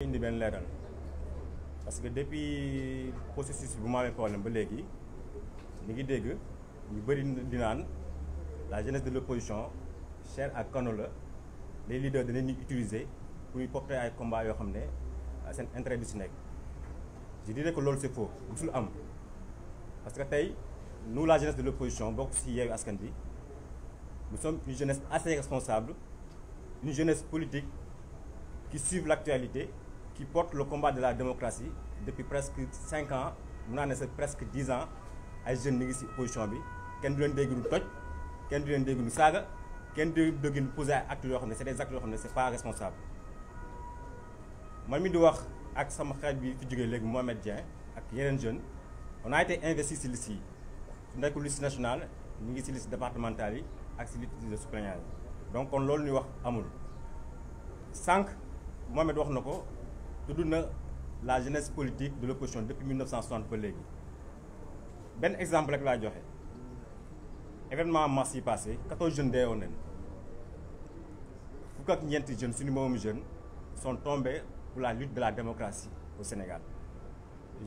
indi benn parce que depuis processus bi bu ma amee problème ba ngi la jeunesse de l'opposition chère à Kanole les leaders de l'ennemi utiliser pour ñu porter ay combat combats xam euh, intérêt du Sénèque. je dirais que c'est faux parce que nous la jeunesse de l'opposition nous sommes une jeunesse assez responsable une jeunesse politique qui suit l'actualité qui porte le combat de la démocratie depuis presque 5 ans, maintenant c'est presque 10 ans, à ce jeune négocié opposition. Quand on a dit que quand on a dit que saga, quand on a dit que nous posons actes de c'est des actes de c'est pas responsable. Je suis dit que je suis dit que je suis Mohamed Dien, avec les jeunes, on a été investi sur le site. On a été investi sur le site national, sur départemental, sur le site de l'Espagne. Donc, on a dit que nous avons dit que Mohamed tout la jeunesse politique de l'opposition depuis 1960 ba léegi exemple l'événement la joxe événement mars passé 14 jeunes d'ailleurs, Pourquoi fukk jeunes jeunes sont tombés pour la lutte de la démocratie au Sénégal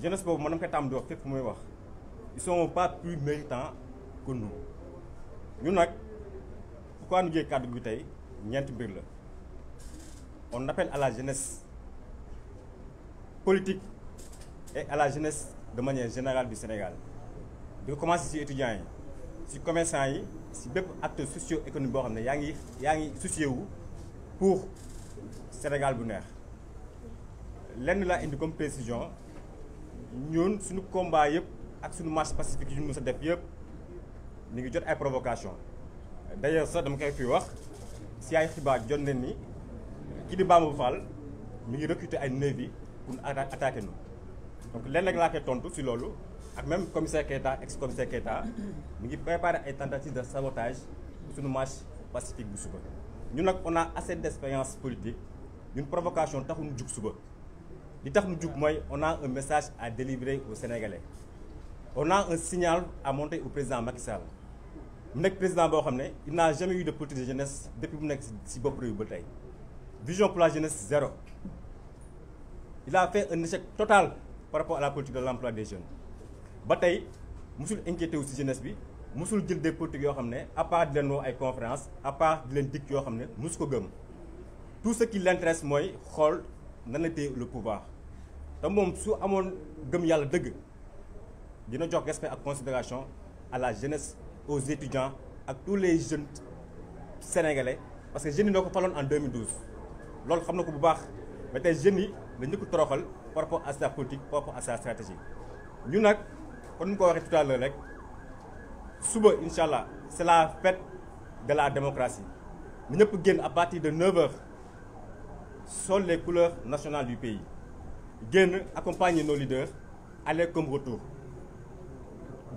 jeunesse jeunes, ne ils ne ils sont pas plus méritants que nous Nous, pourquoi nous dire cadre gi on appelle à la jeunesse politique et à la jeunesse de manière générale du Sénégal Je commence ici étudiants yi ici, commerçants si peu bépp acteur socio-économique boo xam ne le ngi ngi pour Sénégal bu neex lenn la indi comme précision ñun suñu combat yëpp ak suñu marche pacifique nous ñu nous avons def yëpp une provocation d'ailleurs je dama koy fi wax vous ay un jot qui ni qui di Bamba Fall mi ngi recruter ay pour attaquer nous donc les gens qui koy tontu si et ak même commissaire Keta, ex commissaire Keta, nous préparent une tentative de sabotage le marche pacifique du suba Nous, on a assez d'expérience politique Une provocation taxu ñu nous suba on a un message à délivrer aux Sénégalais on a un signal à monter au président Macky Sall président boo il n'a jamais eu de politique de jeunesse depuis mu nekk si pris vision pour la jeunesse zéro il a fait un échec total par rapport à la politique de l'emploi des jeunes Bataille, tey musul aussi de la jeunesse bi musul jël des politiques à part de leen conférence à part de leen nous yoo tout ce qui l'intéresse moi, xool nan la le pouvoir te moom su amoon gëm il dëgg dina jox respect et considération à la jeunesse aux étudiants à tous les jeunes sénégalais parce que je ne pas ko en 2012 loolu xam ko mais tey jeunes yi dañ ko toroxal par rapport à sa politique par rapport à sa stratégie Nous nag kon on ko waxee tout c'est la fête de la démocratie Nous ñëpp génn à partir de 9 h sur les couleurs nationales du pays génn accompagner nos leaders aller comme retour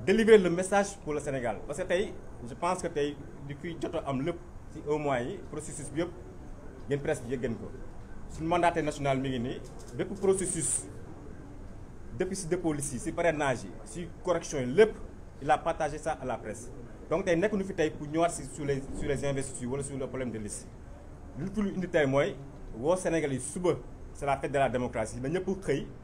délivrer le message pour le Sénégal parce que je pense que depuis tout kuy a am au moins processus bi yëpp presque yëg ko suñu mandaté national mi ngi nii bépp processus depuis si dépôt ici yi si parrainage si correction yi il a partagé ça à la presse donc tay nek nu fi tay pour ñëwaat sur les sur les investitures wala sur le problème de liste lu lu indi tey mooy woo suba c'est la fête de la démocratie da ñëpp xëy